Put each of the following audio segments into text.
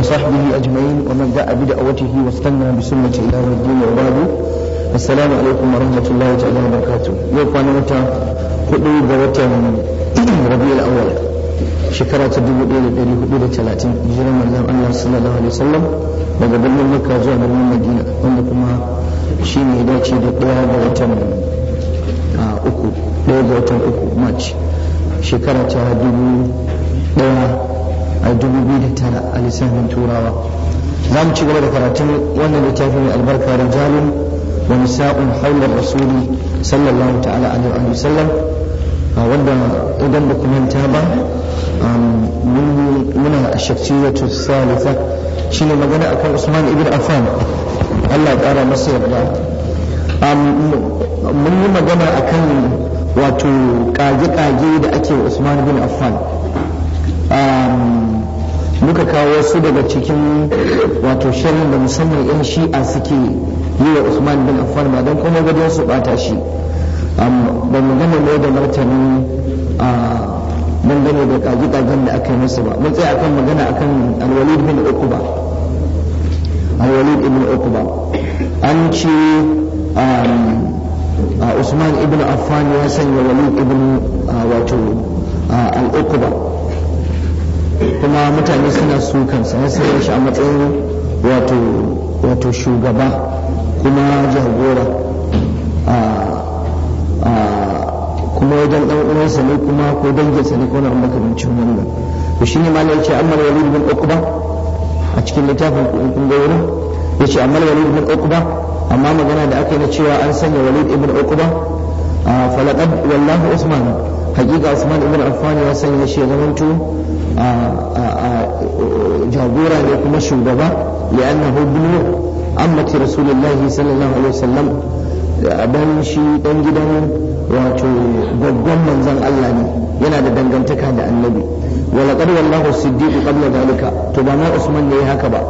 وصحبه أجمعين ومن دعا بدعوته واستنى بسنة إلى يوم الدين وبعد السلام عليكم ورحمة الله تعالى وبركاته يوم كان متى كل بوتا ربيع الأول شكرا تدبو إلى إلى حدود ثلاثين جرم الله الله صلى الله عليه وسلم وقبل مكة زوال من المدينة عندكم شيني داتشي دقيا بوتا uku ɗaya ga watan uku march shekara ta dubu ɗaya a dubu biyu da tara a lissafin turawa za mu ci gaba da karatun wannan littafi mai albarka rijalun wa nisa'un haular rasuli sallallahu ta'ala alaihi wa sallam wanda idan ba manta ba um, muna shakciyatu salisa ne magana a kan usman ibn affan Allah ƙara kara masa yarda um, mun yi magana a kan wato ƙage-ƙage da ake usman ibn affan um, muka kawo wasu daga cikin wato shirin da musamman 'yan shi'a suke yi wa usman bin affan ba don kuma gudun su bata shi ba mu gane mai da martani dangane da kagi-kagen da aka yi musu ba mun tsaya akan magana akan alwalid bin ukuba alwalid ibn ukuba an ce usman ibn affan ya sanya walid ibn wato kuma mutane suna sukan sa sai shi a matsayin wato shugaba kuma jagora kuma wajen dan uwansa ne kuma ko danginsa ne ko na makamancin wannan to shine malai yace amma walid bin uqba a cikin littafin kun ga wurin yace amma walid bin uqba amma magana da aka yi na cewa an sanya walid ibn uqba falaqad wallahu usman hakika usman ibn affan ya sanya shi zamanto jagora ne kuma shugaba li'annahu ibnu ammati rasulullahi sallallahu alaihi wasallam dan shi dan gidan wato babban manzon Allah ne yana da dangantaka da annabi wala qad wallahu siddiq qabla dalika to ba usman usman ne haka ba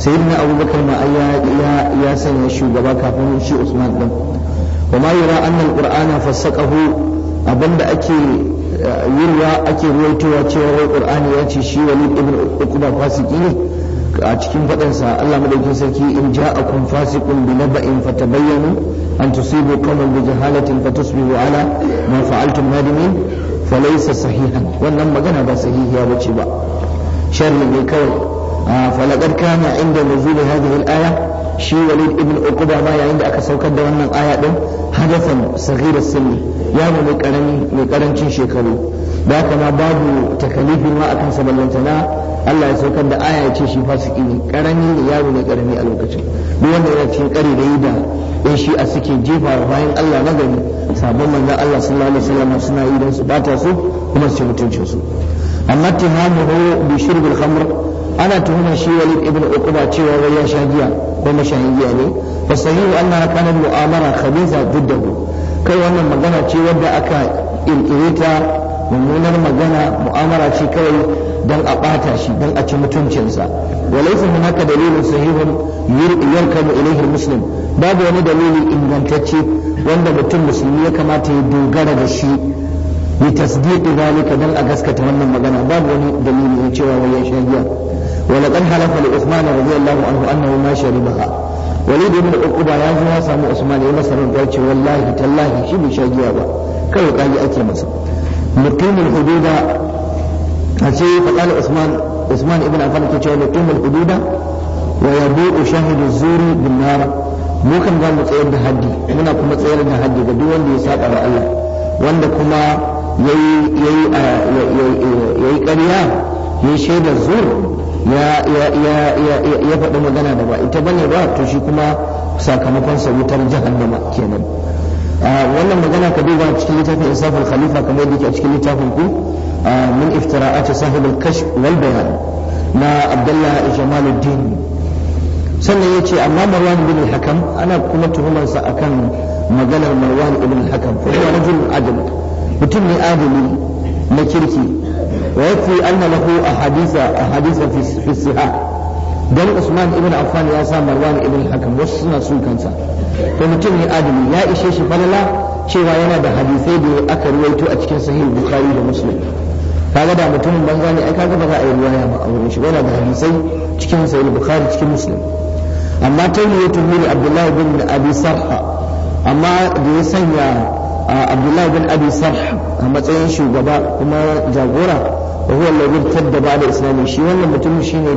sayyidina abubakar ma ya ya sanya shugaba kafin shi usman din وما يرى أن القرآن فسقه abinda ake eh, yirwa ake ruwaitowa cewa wai qur'ani ya ce shi walid ibn uqba fasiki ne a cikin faɗansa Allah madaukin sarki in ja'akum fasiqun bi naba'in fatabayyanu an tusibu qauman bi jahalatin fatusbihu ala ma fa'altum nadimin falaysa sahihan wannan magana ba sahihiya bace ba sharri ne kawai ah, falaqad kana inda nuzul hadhihi al-aya shi walid ibn uquba ma yayin da aka saukar da wannan aya din hadasan saghira sinni ya mu mai karami mai karancin shekaru da haka ma babu takalifin ma akan sa ballantana Allah ya saukar da aya ya ce shi fasiki ne karami ne yaro ne karami a lokacin duk wanda yana cikin kare da yi da shi a suke jefa bayan Allah na gani sabon manzon Allah sallallahu alaihi wasallam suna yi don su bata su kuma su mutuncin su amma tihamuhu bi shirbil khamr ana tuhumar shi walid ibn uquba cewa wai ya sha giya ko mashayin giya ne fa sahihu anna kana mu'amara khabiza duddahu kai wannan magana ce wanda aka kirkire ta mummunar magana mu'amara ce kawai don a ɓata shi dan a ci mutuncinsa walaysa hunaka dalilin sahihun yarkamu ilayhi muslim babu wani dalili ingantacce wanda mutum musulmi ya kamata ya dogara da shi ni tasdiqi zalika dan a gaskata wannan magana babu wani dalili ya cewa wai ya sha giya ولقد حلف لعثمان رضي الله عنه انه ما شربها وليد بن عقبة يا زوا سامو عثمان يا مسلم قال والله تالله شي بي شاجيا با كاي قال اكي مسا مقيم الحدود أشي فقال عثمان عثمان ابن عفان كي مقيم الحدود ويبوء شاهد الزور بالنار mu kan za mu tsayar da haddi muna kuma tsayar da haddi ga duk wanda ya saba wa Allah wanda kuma yayi yayi yayi ƙarya yayi shaidar zur ya ya faɗi magana da ba ita bane ba to shi kuma sakamakon sa wutar jahannama kenan ah, wannan magana ka duba cikin littafin isafin khalifa kamar yadda yake a cikin littafin ku ah, min iftira'at sahib al-kashf wal bayan na abdullah jamaluddin sannan yace amma marwan bin al-hakam ana kuma tuhumar sa akan maganar marwan ibn al-hakam fa huwa rajul adil mutum ne adili na kirki ويكفي أن له أحاديث أحاديث في في الصحة دم عثمان ابن عفان يا سام مروان ابن الحكم وسنا سو كانسا فمتم آدم يا إشيش فللا cewa yana da hadisai da aka ruwaito a cikin sahih bukhari da muslim kaga da mutumin banza ne ai kaga ba za a yi ruwaya ba a yana da hadisai cikin sahih bukhari cikin muslim amma tayyibatu min abdullah ibn abi sarha amma da ya sanya abdullah bin abi sarh a matsayin shugaba kuma jagora wa huwa da tadda da islami shi wannan mutum shine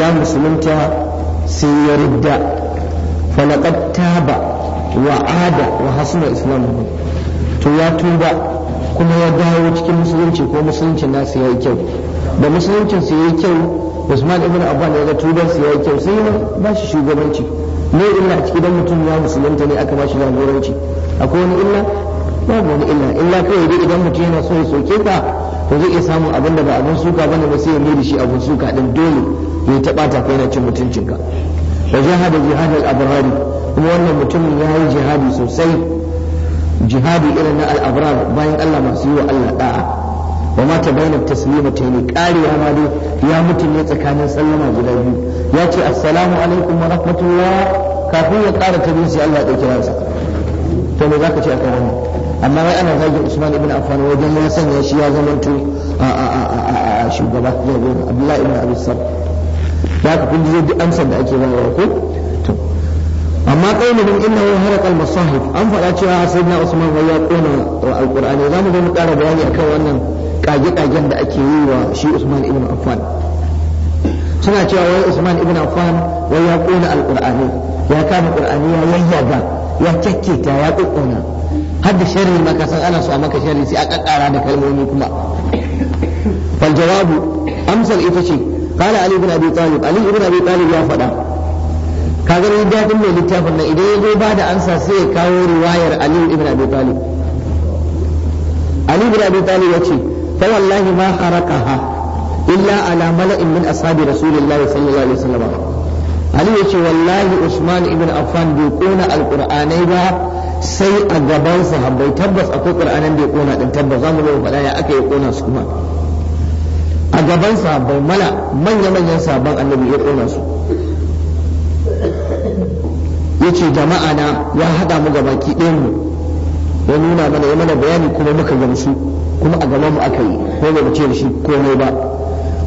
ya musulunta sai ya ridda falaqad taba wa ada wa hasuna islamu to ya tuba kuma ya dawo cikin musulunci ko musulunci nasu yayi kyau da musuluncin su yayi kyau Usman ibn Affan ya ga tuban su yayi kyau sai yi ba shi shugabanci ne illa a ciki dan mutum ya musulunta ne aka bashi jagoranci akwai wani illa babu wani illa illa kawai dai idan mutum yana so ya soke ka to zai iya samun abin da ba abin suka bane ba sai ya mai da shi abin suka din dole ya taɓa ta kai na cin mutuncinka wa jahada jihada abrari kuma wannan mutumin ya yi jihadi sosai jihadi irin na al'abrar bayan Allah masu yi wa Allah da'a wa ma ta bayyana taslimata ne karewa ma dai ya mutu ne tsakanin sallama guda biyu yace ce assalamu alaikum wa rahmatullah kafin ya kara ta biyu Allah ya dauki ransa to me zaka ce akan wannan amma wai ana zagin Usman ibn Affan wajen ya sanya shi ya zama to a shugaba jagora Abdullahi ibn Abi da ka duk da ake bayarwa ko amma kaulin innahu harqa al-masahif an faɗa cewa sayyidina Usman wai ya kona al zamu zo mu kara bayani akan wannan kage-kagen da ake yi wa shi Usman ibn Affan suna cewa wai Usman ibn Affan wai ya kona alqur'ani ya kama qur'ani ya yayyaga ya kyakketa ya kokkona har da sharri maka san ana so a maka sharri sai a kakkara da kalmomi kuma fal jawabu amsal ita ce qala ali ibn abi talib ali ibn abi talib ya faɗa ka gani dadin mai littafin nan idan ya zo ba da ansa sai ya kawo riwayar ali ibn abi talib ali ibn abi talib ya ce fa wallahi ma harakaha illa ala mala'in min ashabi rasulillahi sallallahu alaihi wasallam Ali ya ce wallahi Usman ibnu Affan bai kona alqur'anai ba sai a gaban sahabbai tabbas akwai qur'anan da ya kona din tabbas zamu zo faɗa ya aka ya su kuma a manya manyan annabi ya su yace jama'a na ya hada mu gabaki ɗin mu ya nuna mana ya mana bayani kuma muka gamsu kuma a gaban mu aka yi ko ba mu ce da shi komai ba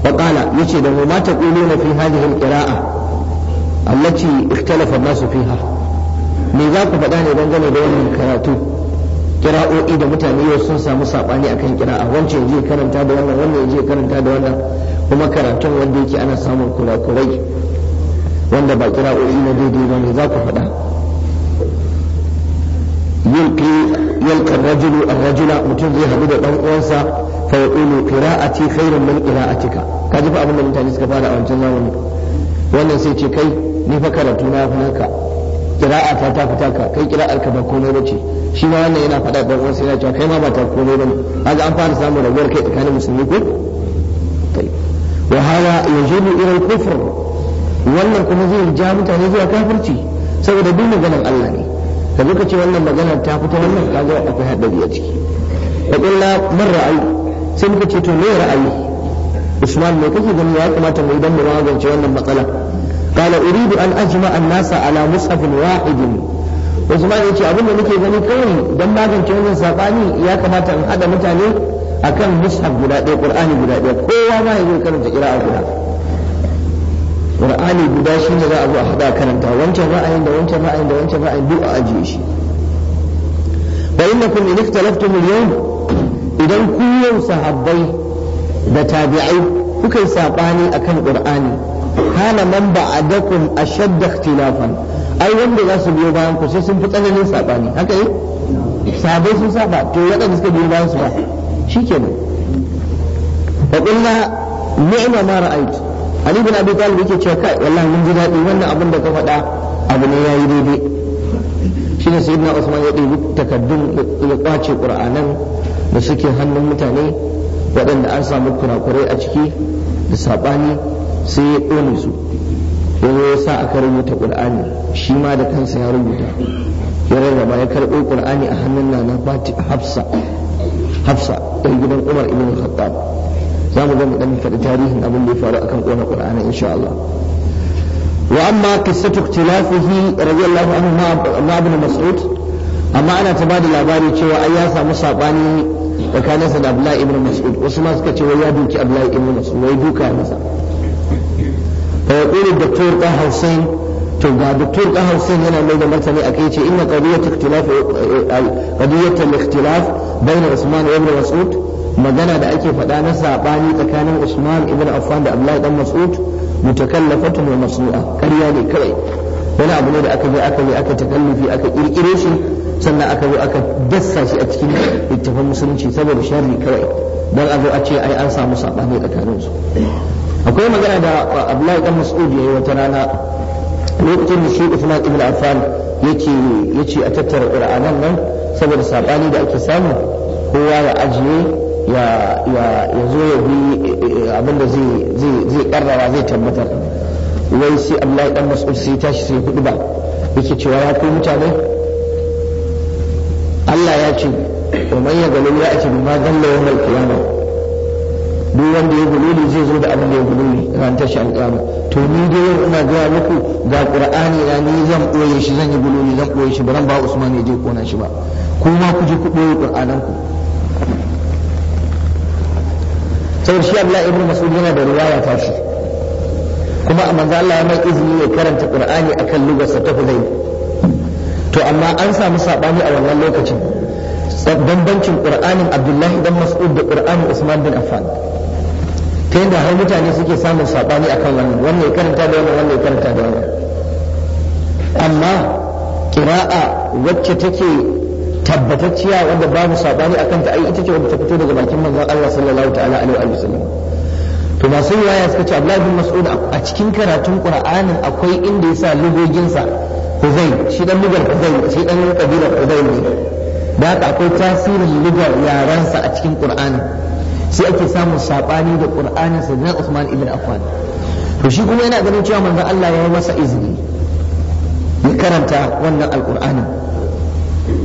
wa qala yace da mu ma na fi hadhihi alqira'a allati ikhtalafa an-nas fiha me za ku faɗa ne dangane da wannan karatu kira'o'i da mutane yau sun samu sabani akan kira'a wancan yaje karanta da wannan wannan yaje karanta da wannan kuma karatun wanda yake ana samun kurakurai wanda ba kira'o'i na daidai ba ne za ku faɗa yulqi yalqa rajulu ar-rajula mutum zai haɗu da dan uwansa fa yaqulu qira'ati khairun min qira'atika ka ji fa abin da mutane suka fara a wancan zamanin. wannan sai ce kai ni fa karatu na fi naka qira'a ta ta fita ka kai qira'ar ka ba komai bace shi ma wannan yana faɗa dan uwansa yana cewa kai ma ba ta komai bane kaga an fara samun rabuwar kai tsakanin musulmi ko wa hada yajibu ila al-kufr wannan kuma zai ja mutane zuwa kafirci saboda duk maganar Allah ne ka zo ce wannan magana ta fita wannan kaga akwai haɗari a ciki fa qulna man ra'ayi sai muka ce to me ra'ayi Usman me kake gani ya kamata mu idan mu magance wannan matsala qala uridu an ajma an-nasa ala mushafin wahidin Usman yace abin da nake gani kai dan magance wannan sabani ya kamata in hada mutane akan mushaf guda ɗaya Qur'ani guda ɗaya kowa ma ya karanta qira'a guda qur'ani guda shi ne za a zo a hada karanta wancan ra'ayin da wancan ra'ayin da wancan ra'ayin duk a ajiye shi fa innakum in ikhtalaftum al-yawm idan ku yau sahabbai da tabi'ai kuka yi sabani akan qur'ani kana man ba'adakum ashadd ikhtilafan ai wanda za su biyo bayan ku sai sun fi tsananin sabani haka yi sabai sun saba to yadda suka biyo bayan su ba shikenan wa qulna ni'ma ma ra'aytu ali bin abi talib yake cewa kai wallahi mun ji daɗi wannan abin da ka faɗa abu ne yayi daidai ne sayyidina usman ya ɗebi takaddun ya kwace qur'anan da suke hannun mutane waɗanda an samu kurakurai a ciki da sabani sai ya ƙone su yanzu ya sa aka rubuta Qur'ani shi ma da kansa ya rubuta ya rarraba ya karɓo Qur'ani a hannun nana Fatima hafsa hafsa ɗan gidan umar ibn khattab za mu dan faɗi tarihin abin da ya faru akan ƙona ƙur'ani insha Allah wa amma qissatu ikhtilafihi radiyallahu anhu ma mas'ud amma ana ta bada labari cewa ai ya samu sabani tsakaninsa da Abdullahi ibn Mas'ud wasu ma suka ce wai ya duki Abdullahi ibn Mas'ud wai duka masa fa yaqulu doktor ɗan Hussein to ga yana mai da martani akai ce inna qadiyat ikhtilaf qadiyat al-ikhtilaf bain Usman ibn Mas'ud magana da ake faɗa na saɓani tsakanin Usman ibn Affan da Abdullahi dan Mas'ud mutakallafatun wa masnu'a ƙarya ne kawai wani abu ne da aka je aka yi aka takallufi aka kirkire shi sannan aka zo aka dassa shi a cikin littafin musulunci saboda sharri kawai dan a zo a ce ai an samu saɓani tsakanin su akwai magana da Abdullahi dan Mas'ud yayi wata rana lokacin da shi Usman ibn Affan yake yace a tattara Qur'anan nan saboda saɓani da ake samu kowa ya ajiye ya zo ya bi eh, abinda zai karrawa zai tabbatar wai sai Allah dan mas'ud sai tashi sai hudu ba yake cewa ya kai mutane Allah ya ce wa man ya galil ya ce ma yawm al qiyama duk wanda ya gululi zai zo da abin da ya ne ran tashi qiyama to ni dai yau ina ga muku ga qur'ani na ni zan boye shi zan yi ne zan boye shi ba ran ba Usman ya je kona shi ba kuma ku je ku boye ku saboda shi Abdullahi ibn Mas'ud yana da riwaya ta shi kuma a manzo Allah ya mai izini ya karanta Qur'ani akan lugarsa ta Hudayl to amma an samu sabani a wannan lokacin bambancin Qur'anin Abdullahi dan Mas'ud da Qur'anin Usman bin Affan ta yadda har mutane suke samun sabani akan wannan wannan ya karanta da wannan ya karanta da wannan amma kira'a wacce take tabbatacciya wadda babu sabani akan ta ai ita ce wadda ta fito daga bakin manzon Allah sallallahu ta'ala alaihi wa to masu riwaya suka ce Abdullah bin Mas'ud a cikin karatun Qur'anin akwai inda yasa lugoginsa Huzai shi dan lugar Huzai shi dan kabilar Huzai ne da haka akwai tasirin lugar sa a cikin Qur'anin sai ake samun sabani da Qur'anin Sayyidina Usman ibn Affan to shi kuma yana ganin cewa manzon Allah ya yi masa izini ya karanta wannan alqur'anin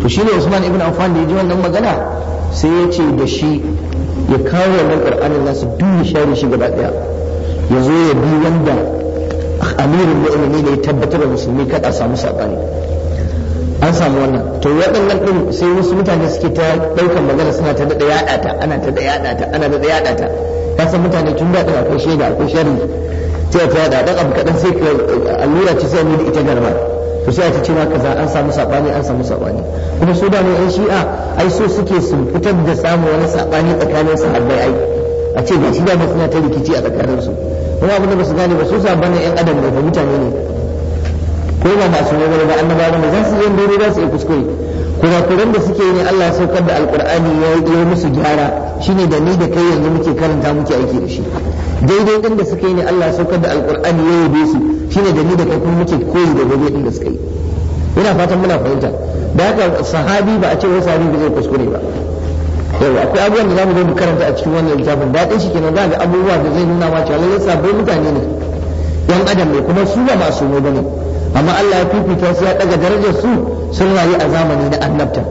to shi ne usman ibn affan da ya ji wannan magana sai ya ce da shi ya kawo wannan da nasu duk share shi gaba daya ya zo ya bi wanda amirin mu'mini ne ya tabbatar da musulmi kada a samu sabani an samu wannan to waɗannan ɗin sai wasu mutane suke ta ɗaukan magana suna ta daɗa yaɗa ta ana ta daɗa yaɗa ta ana daɗa yaɗa ta ka san mutane tun daɗin akwai shaida akwai shari sai ta yaɗa ɗan abu kaɗan sai ka allura ce sai mu da ita garba to sai a ce ma kaza an samu sabani an samu sabani kuma su da ne yan shi'a ai so suke su fitar da samu wani sabani tsakanin su sahabbai ai a ce ba shi da suna ta rikici a tsakanin su kuma abin da ba su gane ba su sabani yan adam ne ba mutane ne ko ba masu ne ba annabawa ne za su yi dole za su yi kuskure kuran da suke yi Allah ya saukar da alkur'ani ya yi musu gyara shine da ni da kai yanzu muke karanta muke aiki da shi daidai din da suke yi ne Allah ya saukar da alkur'ani ya yi su shine da ni da kai kuma muke koyi da gobe din da suka yi ina fatan muna fahimta da haka sahabi ba a ce wani sahabi ba zai kuskure ba yau akwai abubuwan da zamu zo mu karanta a cikin wannan littafin daɗin shi kenan za ga abubuwa da zai nuna ma cewa lallai sabbin mutane ne yan adam ne kuma su ba masu ne ba ne amma Allah ya fifita su ya daga darajar su sun rayu a zamani na annabta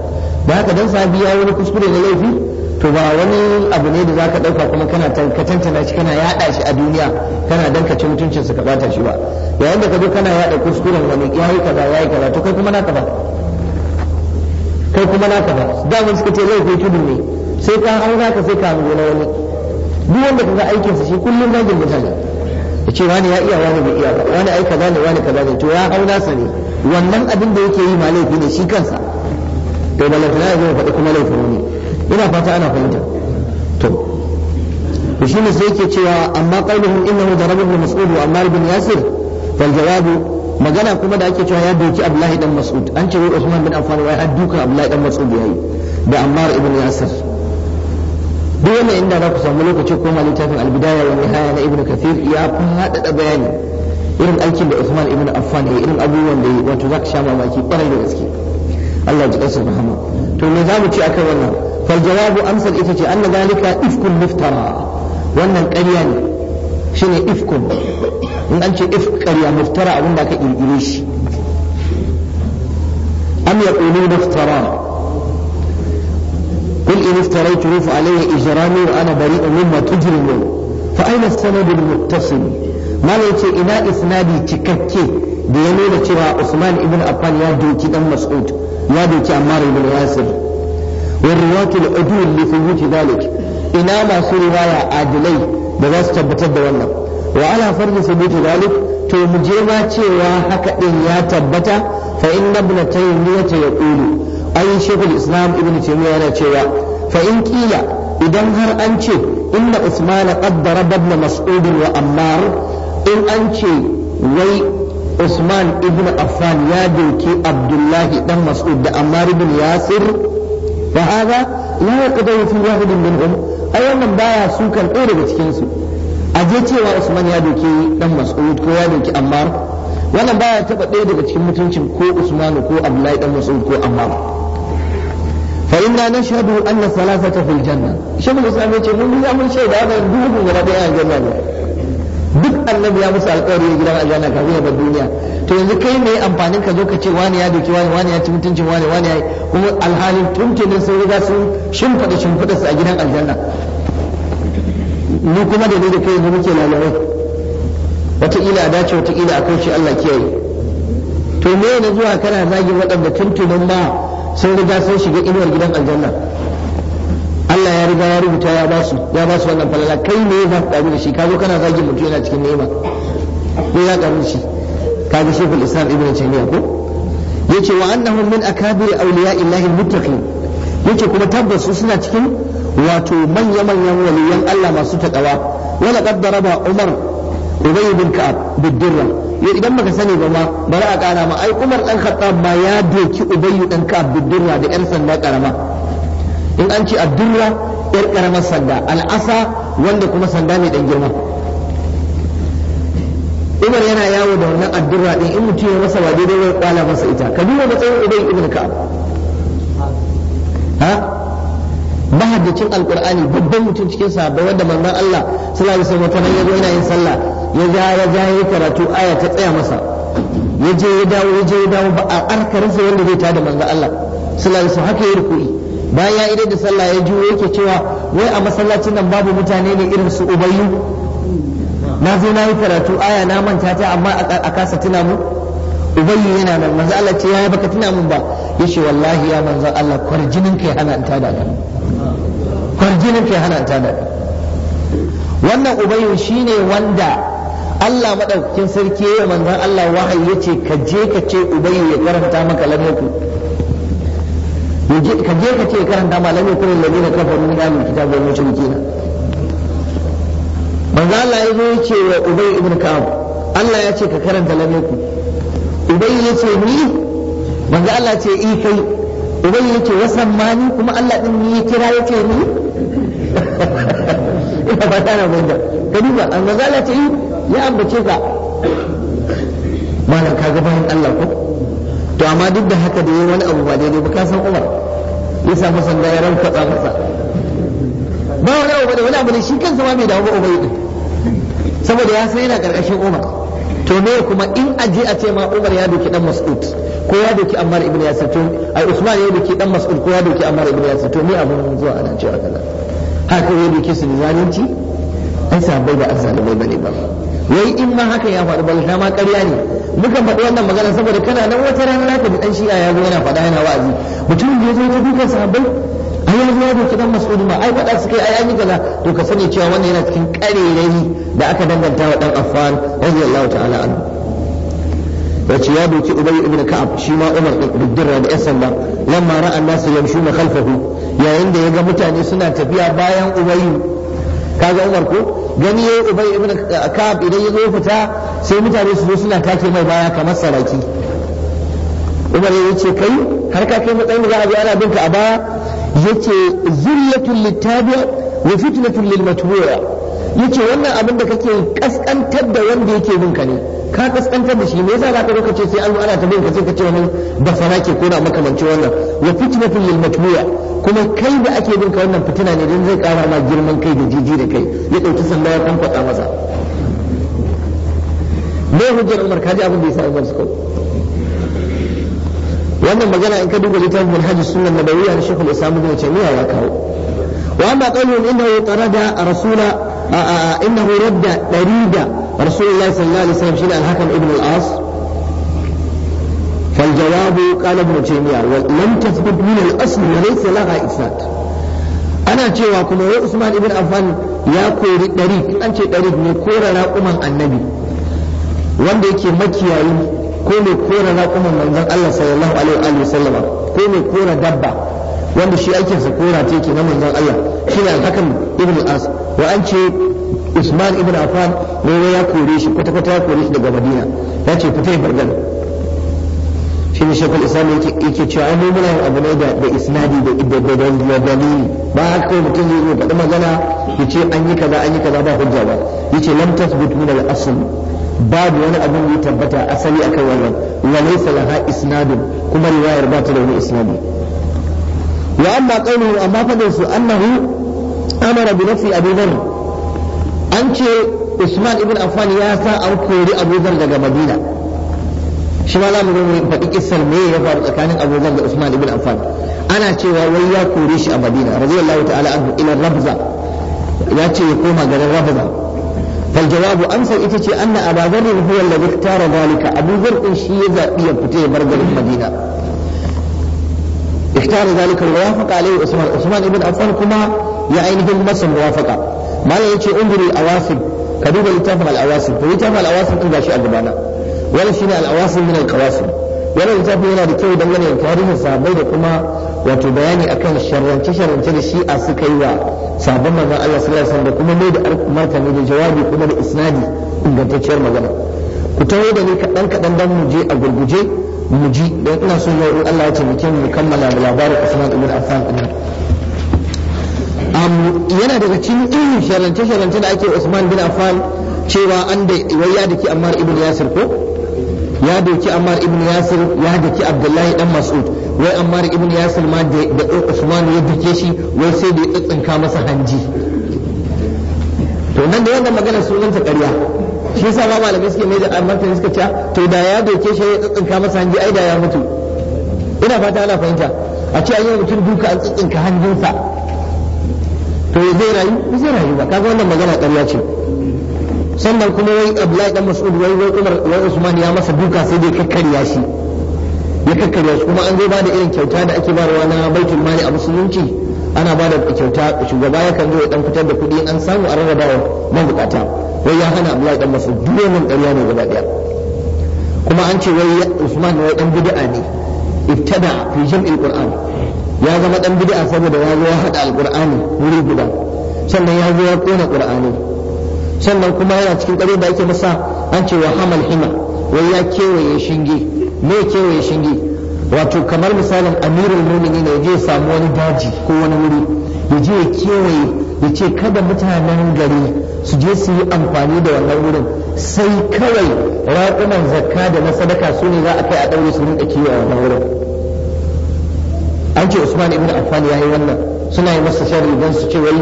da haka dan sabi ya wani kuskure na laifi to ba wani abu ne da zaka dauka kuma kana ka tantana shi kana yada shi a duniya kana dan ka ci mutuncin sa ka bata shi ba yayin da ka zo kana yada kuskuren wani yayi kaza yayi kaza to kai kuma naka ba kai kuma naka ba da mun suka ce laifi tudu ne sai ka an zaka sai ka hango na wani duk wanda kaga aikin sa shi kullum zagin mutane ka ce wani ya iya wani bai iya ba wani ai kaza ne wani kaza ne to ya hau nasa ne wannan abin da yake yi ma laifi ne shi kansa to balantana ya zama faɗi kuma laifin wani ina fata ana fahimta to to shi ne sai yake cewa amma qauluhum innahu mu li da mas'udu amma bin yasir fal jawabu magana kuma da ake cewa ya doki abdullahi dan mas'ud an ce wai usman bin affan wai har duka abdullahi dan mas'ud yayi da ammar ibn yasir duk wannan inda za ku samu lokaci ko ma littafin albidaya wa nihaya na ibnu kathir ya faɗaɗa bayani irin aikin da Usman ibn Affan ya irin abubuwan da yi wato za ka sha mamaki kwarai da gaske Allah ji kasar rahama to me za mu ci akan wannan fal jawabu amsal ita ce anna zalika ifkun muftara wannan ƙarya ne shine ifkun in an ce ifk ƙarya muftara abin da aka ƙirƙire shi am yaqulu muftara قل إن افتريته فعليه إجرامي وأنا بريء مما تجرمون فأين السند المتصل ما ليس إنا إسنادي تككي بيمين ترى عثمان بن عفان يا دوتي دم مسعود يا دوتي عمار بن ياسر والرواة العدول لثبوت ذلك إنا ما في رواية عادلي بغاز تبتد والله وعلى فرض ثبوت ذلك to mu je ma cewa haka din ya tabbata fa inna ibn taymiyyah yaqulu ai shekul islam ibn taymiya yana cewa fa in idan har an ce inna usman qaddara ibn mas'ud wa ammar in an ce wai usman ibn affan ya doke abdullahi dan mas'ud da ammar ibn yasir fa hada la yaqdaru fi wahidin minhum ai wannan baya sukan ɗaya daga cikin su je cewa usman ya doki dan mas'ud ko ya doke ammar wannan baya taba ɗaya daga cikin mutuncin ko usmanu ko abdullahi dan mas'ud ko ammar fa inna nashhadu anna salasata fil janna shaykhul islam yace mun ya mun shaida da duhun gaba da yan janna duk annabi ya musu alƙawari ya gidan aljanna kafin ya bar duniya to yanzu kai mai amfanin ka zo ka ce wani ya doki wani wani ya ci mutuncin wani wani ya kuma alhalin tuntunin sun riga sun shimfiɗa shimfiɗa su a gidan aljanna ni kuma da ni da kai ne muke lalawai wataƙila a dace wataƙila a kauce Allah kiyaye to me na zuwa kana zagin waɗanda tuntunan ba sun riga sun shiga inuwar gidan aljanna Allah ya riga ya rubuta ya ba su ya ba su wannan falala kai ne ba ka da shi ka zo kana zagin mutum yana cikin nema ko ya karu shi ka ga shekul islam ibnu taymiya ko yace wa annahum min akabir illahi almuttaqin yace kuma tabbas su suna cikin wato manya-manyan waliyan Allah masu takawa wala qaddara ba umar ubay bin ka'ab bidirra ya idan baka sani ba ma bari a kara ma ai umar dan khattab ma ya doki ubay dan ka'ab bidirra da yan sanda karama in an ce Abdurra yar karamar sanda al'asa wanda kuma sanda ne dan girma umar yana yawo da wannan Abdurra din in mutum ya masa ba daidai bai kwala masa ita ka duba matsayin ubay ibn ka'ab ha mahaddacin alkur'ani babban mutum cikin sahabbai wanda manzon Allah sallallahu alaihi wasallam ya yana yin sallah ya ja ya ja ya karatu aya ta tsaya masa ya je ya dawo ya je ya dawo ba a arkarinsa wanda zai tada manzo Allah sallallahu alaihi haka ya ruku'i bayan ya idar da sallah ya juyo yake cewa wai a masallacin nan babu mutane ne irin su ubayyu na zo na yi karatu aya na manta ta amma a kasa tuna mu ubayyu yana nan manzo Allah ce ya baka tuna mun ba yace wallahi ya manzo Allah kwarjinin kai hana in tada ka kwarjinin kai hana in tada ka wannan ubayyu shine wanda Allah maɗaukin sarki ya manzan Allah wahayi ce ka je ka ce ubayi ya karanta maka lamuku ka je ka ce karanta ma lamaku alladhina kafaru min ahli kitabi wal kina manzan Allah ya zo ce wa ubayi ibn ka'am Allah ya ce ka karanta ubayi ya yace ni manzan Allah ce i eh, kai ubayyu yace ni kuma Allah din ni ya kira yace ni ina ba ta na banda kadiba an manzon Allah ce eh, ya ambace ka malam ka ga bayan Allah ko to amma duk da haka da yi wani abu ba daidai ba ka san Umar ya samu sanda ya ranka tsa masa ba wani abu da wani abu ne shi kansa ma bai dawo ba ubayi din saboda ya san yana karkashin Umar to me kuma in aje a ce ma Umar ya doki dan Mas'ud ko ya doki Ammar ibn Yasir to ai Usman ya doki dan Mas'ud ko ya doki Ammar ibn Yasir to me abun zuwa ana cewa kaza haka ya doki su zalunci ai sahabbai ba azzalumai bane ba wai in ma haka ya faru ta ma ƙarya ne mukan faɗi wannan magana saboda kana nan wata rana naka da dan shi'a ya zo yana faɗa yana wa'azi mutumin da ya zo ta dukan sahabbai ai ya zo ya doki dan ma ai faɗa suka yi ai kaza to ka sani cewa wannan yana cikin ƙarerayi da aka danganta wa dan affan radiyallahu ta'ala anhu yace ya doki ubay ibn ka'ab shi ma umar ibn dirra da yasalla lamma ra'a an-nas yamshuna khalfahu yayin da ya ga mutane suna tafiya bayan ubayu kaga umar ko gani ya ubai ibn idan ya zo fita sai mutane su zo suna take mai baya kamar saraki umar ya ce kai har ka kai matsayin za a bi ana binka a baya yace zuriyatul littabi wa fitnatul lil matbu'a yace wannan abin da kake kaskantar da wanda yake binka ne ka kaskantar da shi me yasa za ka ce sai an ana ta binka sai ka ce wani basara ke ko na makamancin wannan wa fitnatul lil matbu'a kuma kai da ake bin ka wannan fitina ne don zai kara ma girman kai da jiji da kai ya ɗauki sanda ya kamfata masa me hujjar umar ka ji abin da ya sa umar suka wannan magana in ka duba littafin manhajus sunan nabawiyya na shekul islam ibn taymiya ya kawo wa amma qawlun innahu tarada rasula innahu radda darida rasulullahi sallallahu alaihi wasallam shine al-hakam ibn al-as والجواب قال ابن تيمية لم تثبت من الأصل وليس لها إفساد أنا cewa kuma wai Usman ibn Affan ya kori ɗarik an ce ɗarik ne kora raƙuman annabi wanda yake makiyayi ko mai kora raƙuman manzon Allah sallallahu alaihi wa sallama ko mai kora dabba wanda shi ake sa kora ta yake na manzon Allah shine al-Hakam ibn as wa an ce Usman ibn Affan ne ya kore shi kwata-kwata ya kore shi daga Madina ya ce fita ya shi ne shekul islam yake cewa an muna yin abu ne da isnadi da dalili ba haka kawai mutum zai zo faɗi magana ya ce an yi kaza an yi kaza ba hujja ba ya ce lam tasbut min al-asl babu wani abin ya tabbata asali akan wannan wa laysa laha isnadun kuma riwayar ba ta da wani isnadi wa amma qawluhu amma fadin su annahu amara bi nafi abu dharr an ce usman ibn affan ya sa an kori abu dharr daga madina shi ma za mu zo faɗi kissar me ya faru tsakanin Abu Zar da Usman ibn Affan ana cewa wai ya kore shi a Madina radiyallahu ta'ala anhu ila Rabza ya ce ya koma garin Rabza fal jawabu amsar ita ce anna Abu Zar huwa alladhi ikhtara zalika Abu Zar din shi ya zabi ya fita ya bar garin Madina اختار ذلك ووافق عليه عثمان عثمان ابن عفان كما يعينهم مس موافقة a لا يجي انظر الأواسب كدوب الاتفاق الأواسب فالاتفاق الأواسب إن شاء الله wani shine al-awasim min al-qawasim wannan littafi yana da kyau dangane da tarihin sahabbai da kuma wato bayani akan sharrance sharrance da shi'a suka yi wa sabon manzon Allah sallallahu alaihi wasallam da kuma mai da martani da jawabi kuma da isnadi ingantacciyar magana ku taho da ni kadan kadan dan mu je a gurguje mu ji don ina son yau Allah ya taimake mu kammala da labarin Usman ibn Affan din um, yana daga cikin sharrance sharrance da ake Usman bin Affan cewa an da wayya da ke Ammar ibn Yasir ko ya doki ammar ibn yasir ya daki abdullahi dan mas'ud wai ammar ibn yasir ma da usman ya doke shi wai sai da ya tsitsinka masa hanji to nan da wannan magana sunanta ƙarya shi yasa ba malamai suke mai da martani suka ce to da ya doke shi ya tsinka masa hanji ai da ya mutu ina fata ana fahimta a ce ayyuka yi mutum duka an tsinka hanjinsa to zai rayu zai rayu ba kaga wannan magana ƙarya ce sannan kuma wai abdullahi dan mas'ud wai wai umar wai usman ya masa duka sai dai kakkarya shi ya kakkarya shi kuma an zo da irin kyauta da ake bayarwa na baitul mali a musulunci ana bada kyauta shugaba yakan zo ya dan fitar da kuɗi an samu a man mabukata wai ya hana abdullahi dan mas'ud duk mun ƙarya ne gaba daya kuma an ce wai usman wai dan bid'a ne ibtada fi jam'il qur'an ya zama dan bid'a saboda ya zo ya hada alqur'ani wuri guda sannan ya zo ya kona qur'ani sannan kuma yana cikin ƙare da ake masa an ce wa hamal hima wai ya kewaye shinge me kewaye shinge wato kamar misalin amirul mu'minin ya je samu wani daji ko wani wuri ya je ya kewaye ya ce kada mutanen gari su je su yi amfani da wannan wurin sai kawai raƙunan zakka da na sadaka su ne za a kai a ɗaure su rinka kiwo a wannan wurin an ce usman ibn affan ya yi wannan suna yi masa sharri don su ce wai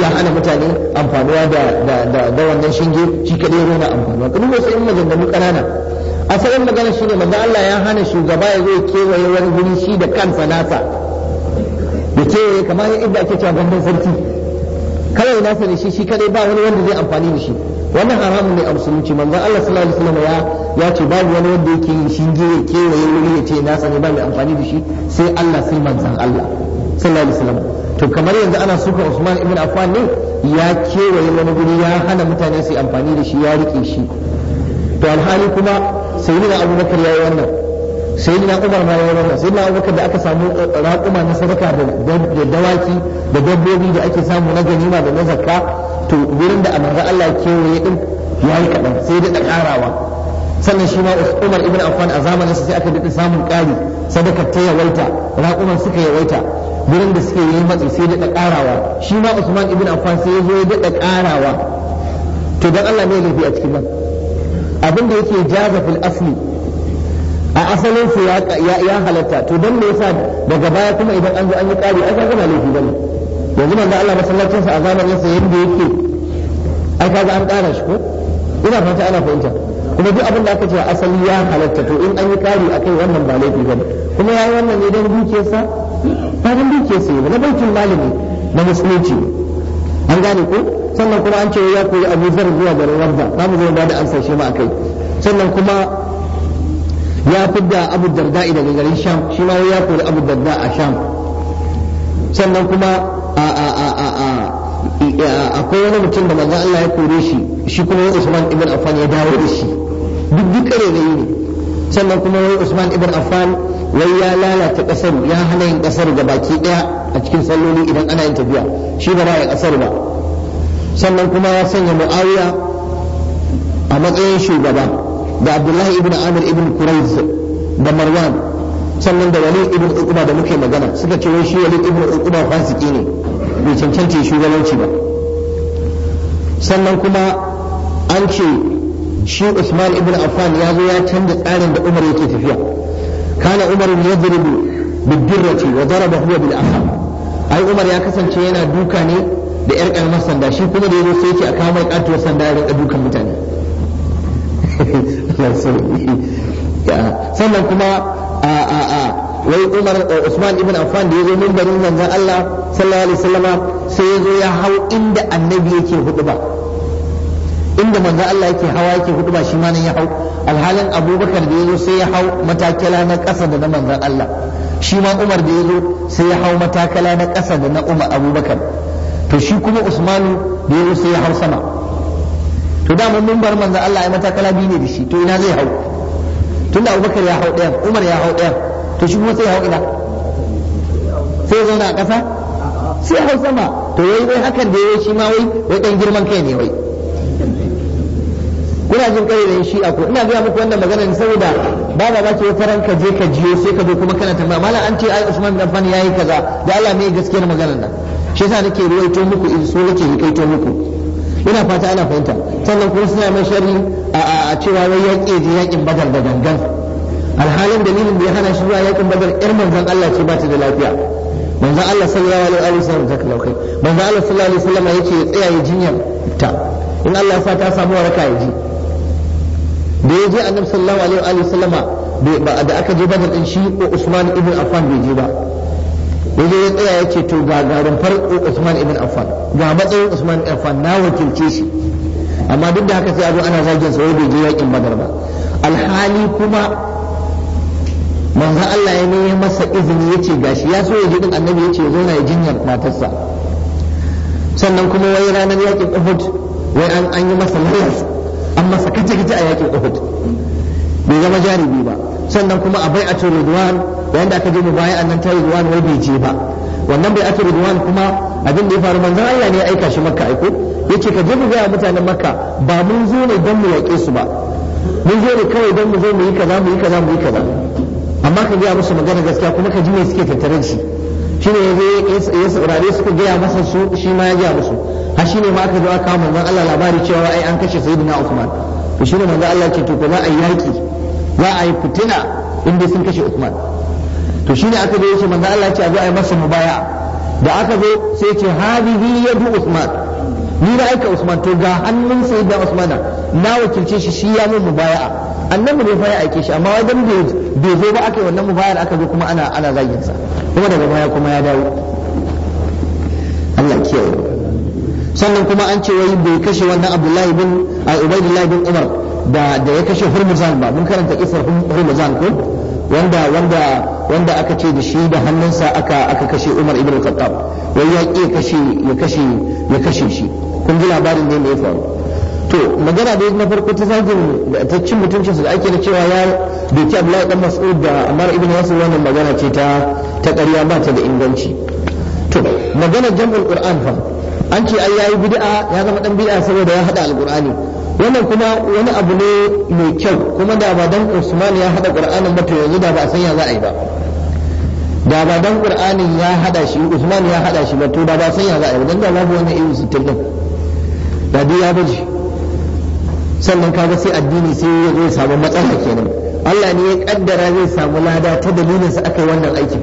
ya hana mutane amfanuwa da da wannan shinge shi kadai rona amfanuwa kuma wasu in mu ƙanana asalin magana shine manzo Allah ya hana shugaba ya zo kewaye wani guri shi da kansa nasa ya kewaye kamar yadda ake cewa gandun sarki kawai nasa ne shi shi kadai ba wani wanda zai amfani da shi wannan haramun ne a musulunci manzo Allah sallallahu alaihi wasallam ya ya ce babu wani wanda yake yin shinge ya kewaye wuri ya ce nasa ne ba mai amfani da shi sai Allah sai manzon Allah sallallahu alaihi wasallam to kamar yanzu ana suka Usman ibn Affan ne ya kewaye wani guri ya hana mutane su amfani da shi ya rike shi to alhali kuma sayyidina Abubakar yayi wannan sayyidina Umar ma yayi wannan sayyidina Abubakar da aka samu eh, raƙuma na sadaka da dawaki da dabbobi da ake samu na ganima da na zakka to gurin da manzo Allah ya kewaye din yayi kadan sai da ƙarawa sannan shi ma Umar ibn Affan a zamanin sai aka daɗa samun ƙari sadakar ta yawaita raƙuman suka yawaita gurin da suke yi matsi sai daɗa ƙarawa shi ma usman ibn affan sai ya zo ya daɗa ƙarawa to dan Allah ne laifi a cikin nan abin da yake jaza fil asli a asalin su ya halatta to dan me yasa daga baya kuma idan an zo an yi ƙari ai kaga ba ne bane yanzu manzo Allah masallacin sa a zamanin sa yanda yake ai kaga an ƙara shi ko ina fata ana fahimta kuma duk abin da aka ce asali ya halatta to in an yi ƙari akai wannan ba laifi bane kuma yayi wannan ne dan dukiyarsa kagan duke sai na baitul malami na musulunci an gane ko sannan kuma an ce ya koyi Abu Zar zuwa garin Rabba za mu zo da amsa shi ma akai sannan kuma ya fidda Abu Darda daga garin Sham shi ma ya koyi Abu Darda a Sham sannan kuma a a a a a akwai wani mutum da manzo Allah ya kore shi shi kuma Usman ibn Affan ya dawo da shi duk duk ne sannan kuma wai Usman ibn Affan wai ya lalata kasar ya hana yin kasar ga baki daya a cikin salloli idan ana yin tafiya shi ba ya kasar ba sannan kuma ya sanya Muawiya a matsayin shugaba da Abdullahi ibn Amir ibn Quraiz da Marwan sannan da Walid ibn Uqba da muke magana suka ce wai shi Walid ibn Uqba fasiki ne bai cancanci shugabanci ba sannan kuma an ce shi Usman ibn Affan ya zo ya canza tsarin da Umar yake tafiya kana Umar yadribu bidirrati wa daraba huwa bil aqam ai Umar ya kasance yana duka ne da yar kalmar sanda shi kuma da yazo sai yake a kawo mai katuwar sanda ya rinka dukan mutane sannan kuma a a a wai Umar Usman ibn Affan da yazo mimbarin manzon Allah sallallahu alaihi wasallama sai yazo ya hau inda annabi yake hudu ba inda manzo Allah yake hawa yake hudu ba shi ma nan ya hau alhalin abubakar da yazo sai ya hau matakala na ƙasa da na manzon Allah shi ma umar da yazo sai ya hau matakala na ƙasa da na umar abubakar to shi kuma usmanu da yazo sai ya hau sama to da mun bar manzon Allah ai matakala biyu ne da shi to ina zai hau tunda abubakar ya hau ɗaya, umar ya hau ɗaya. to shi kuma sai ya hau ina sai ya zauna a ƙasa sai ya hau sama to yayi wai hakan da yayi shi ma wai wai dan girman kai ne wai kuna jin kare da a ko ina ga muku wannan magana ne saboda ba ba ba ce wata ranka je ka jiyo sai ka zo kuma kana tambaya mallan an ce ai Usman bin Affan yayi kaza da Allah me gaskiyar maganar nan shi yasa nake ruwaito muku in so nake ruwaito muku ina fata ana fahimta sannan kuma suna mai sharri a cewa wai yaƙi je yaƙin badar da gangan alhalin dalilin da ya hana shi zuwa yaƙin badar ƴar manzon Allah ce ba ta da lafiya manzon Allah sallallahu alaihi sallam ta kalaukai manzon Allah sallallahu alaihi sallam yake ya tsaya ya jinyar ta in Allah ya sa ta samu waraka ya ji da ya je annabi sallallahu alaihi wa sallama da aka je badar din shi ko usman ibn affan bai je ba ya je ya tsaya ya ce to ga garin farko usman ibn affan ga matsayin usman ibn affan na wakilce shi amma duk da haka sai a zo ana zagin sa bai je yakin badar ba alhali kuma manzo Allah ya ya masa izini yace gashi ya so ya je din annabi yace ya na ya jinyar matarsa sannan kuma wai ranar yakin Uhud wai an yi masa layas an masa kace a yakin Uhud bai zama jarumi ba sannan kuma a bai ridwan yayin da aka je mu bayan nan ta ridwan wai bai je ba wannan bai bai'atul ridwan kuma abin da ya faru manzon Allah ne ya aika shi makka aiko yace ka je mu ga mutanen makka ba mun zo ne don mu yake su ba mun zo ne kawai don mu zo mu yi kaza mu yi kaza mu yi kaza amma ka gaya musu magana gaskiya kuma ka ji me suke tattare shi shine ya ya saurare suka gaya masa su shi ma ya gaya musu shi ne ma aka zo aka kawo manzon Allah labari cewa ai an kashe sayyidina Uthman to shine manzon Allah ce to kuma za a yi yaki za a yi fitina inda sun kashe Uthman to shine aka zo yace manzon Allah ce a zo a yi masa mubaya da aka zo sai ce hadihi yadu Uthman ni na aika Uthman to ga hannun sayyidina Uthman na wakilce shi shi ya mun mubaya'a annabi ne fa ya aike shi amma wajen bai zo ba aka yi wannan mubayar aka zo kuma ana ana zagin sa kuma daga baya kuma ya dawo Allah kiyaye sannan kuma an ce wai bai kashe wannan abdullahi bin ubaidullahi bin umar da da ya kashe hurmuzan ba mun karanta kisar hurmuzan ko wanda wanda wanda aka ce da shi da hannunsa aka aka kashe umar ibn al-khattab wai ya ke kashe ya kashe ya kashe shi kun ji labarin ne ya faru to magana da na farko ta zagin ta cin mutuncin da ake da cewa ya ci abdullahi dan mas'ud da amara ibn yasir wannan magana ce ta ta ƙarya ba ta da inganci to magana jam'ul qur'an fa an ce ai yayi bid'a ya zama dan bid'a saboda ya hada alqur'ani wannan kuma wani abu ne mai kyau kuma da ba dan Usman ya hada qur'anin ba to yanzu da ba san ya za a yi ba da ba dan qur'anin ya hada shi Usman ya hada shi ba to da ba san ya za a yi ba dan da babu wannan irin sittin din da dai ya baje sannan kaga sai addini sai ya zo ya samu matsala kenan Allah ne ya kaddara zai samu lada ta dalilin sa aka yi wannan aikin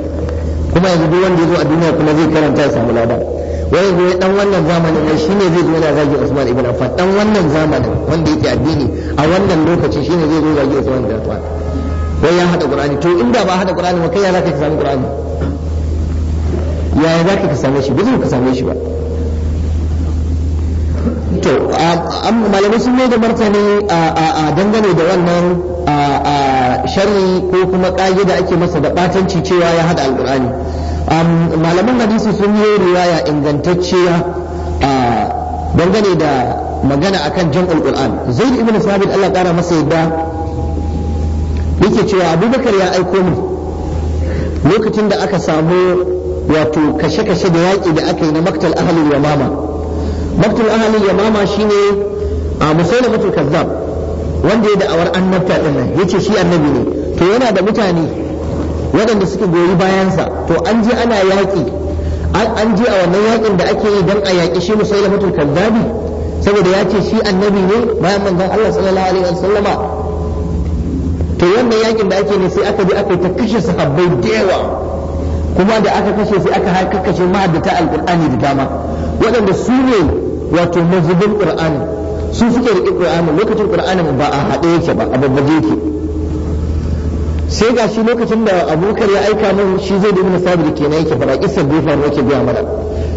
kuma yanzu duk wanda ya zo a duniya kuma zai karanta ya samu lada wai goyi dan wannan zamanin ne shine zai zo yana zagi Usman ibn Affan dan wannan zamanin wanda yake addini a wannan lokacin shine zai zo zagi Usman ibn Affan wai ya hada Qur'ani to inda ba hada Qur'ani ba kai ya zaka samu Qur'ani yaya zaka ka same shi bazai ka same shi ba to malamai sun mai da martani a dangane da wannan sharri ko kuma kage da ake masa da batanci cewa ya hada alƙur'ani Um, malaman hadisi sun yi riwaya ingantacciya uh, dangane da magana akan jam'ul Zai zaid ibn sabit Allah kara masa yadda yake cewa abubakar ya aiko mu lokacin da aka samu wato kashe-kashe da yaƙi da aka yi na maktal ahalin yamama maktal ahalin yamama shine a uh, musaila mutul kazzab wanda ya da'awar annabta din nan yace shi annabi ne to yana da mutane waɗanda suke goyi bayansa to an je ana yaƙi an je a wannan yaƙin da ake yi don a yaƙi shi musailamatul kadhabi saboda ya ce shi annabi ne bayan manzon Allah sallallahu alaihi wasallama to wannan yaƙin da ake ne sai aka je aka ta kashe sahabbai da yawa kuma da aka kashe sai aka har kashe mahaddata alqur'ani da dama waɗanda su ne wato mazubin qur'ani su suke da qur'ani lokacin qur'ani ba a haɗe yake ba a babbaje yake sai ga shi lokacin da abubakar ya aika min shi zai dubi na sabiri ke yake fara kisa bai faru yake biya mana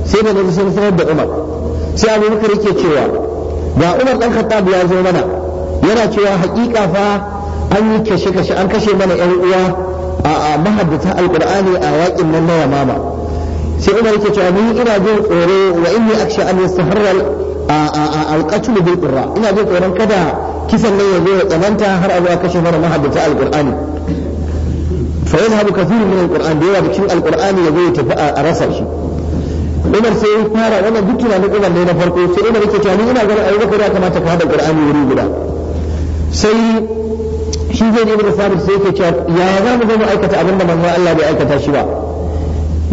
sai da nazo sanar da Umar sai abubakar yake cewa ga Umar dan Khattab ya zo mana yana cewa hakika fa an yi kashe kashe an kashe mana yan uwa a mahaddata alqur'ani a yakin nan na yamama sai Umar yake cewa ni ina jin tsoro wa inni akshi an yastaharra alqatl bil qurra ina jin tsoron kada kisan nan ya zo ya tsananta har a zuwa kashe mara mahaddata alqur'ani fa yadhhabu kathirun min alqur'an da yawa cikin alqur'ani ya zo ya tafi a rasa shi Umar sai ya fara wannan duk tunanin Umar ne na farko sai Umar yake cewa ni ina ganin Abubakar ya kamata ka hada Qur'ani wuri guda sai shi zai ne da sabis sai yake cewa yaya za mu zama aikata abin da manzo Allah bai aikata shi ba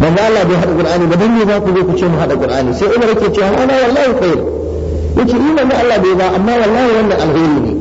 manzo Allah bai hada Qur'ani ba dan me za ku zo ku ce mu hada Qur'ani sai Umar yake cewa ana wallahi khair yace ni manzo Allah bai ba amma wallahi wannan alheri ne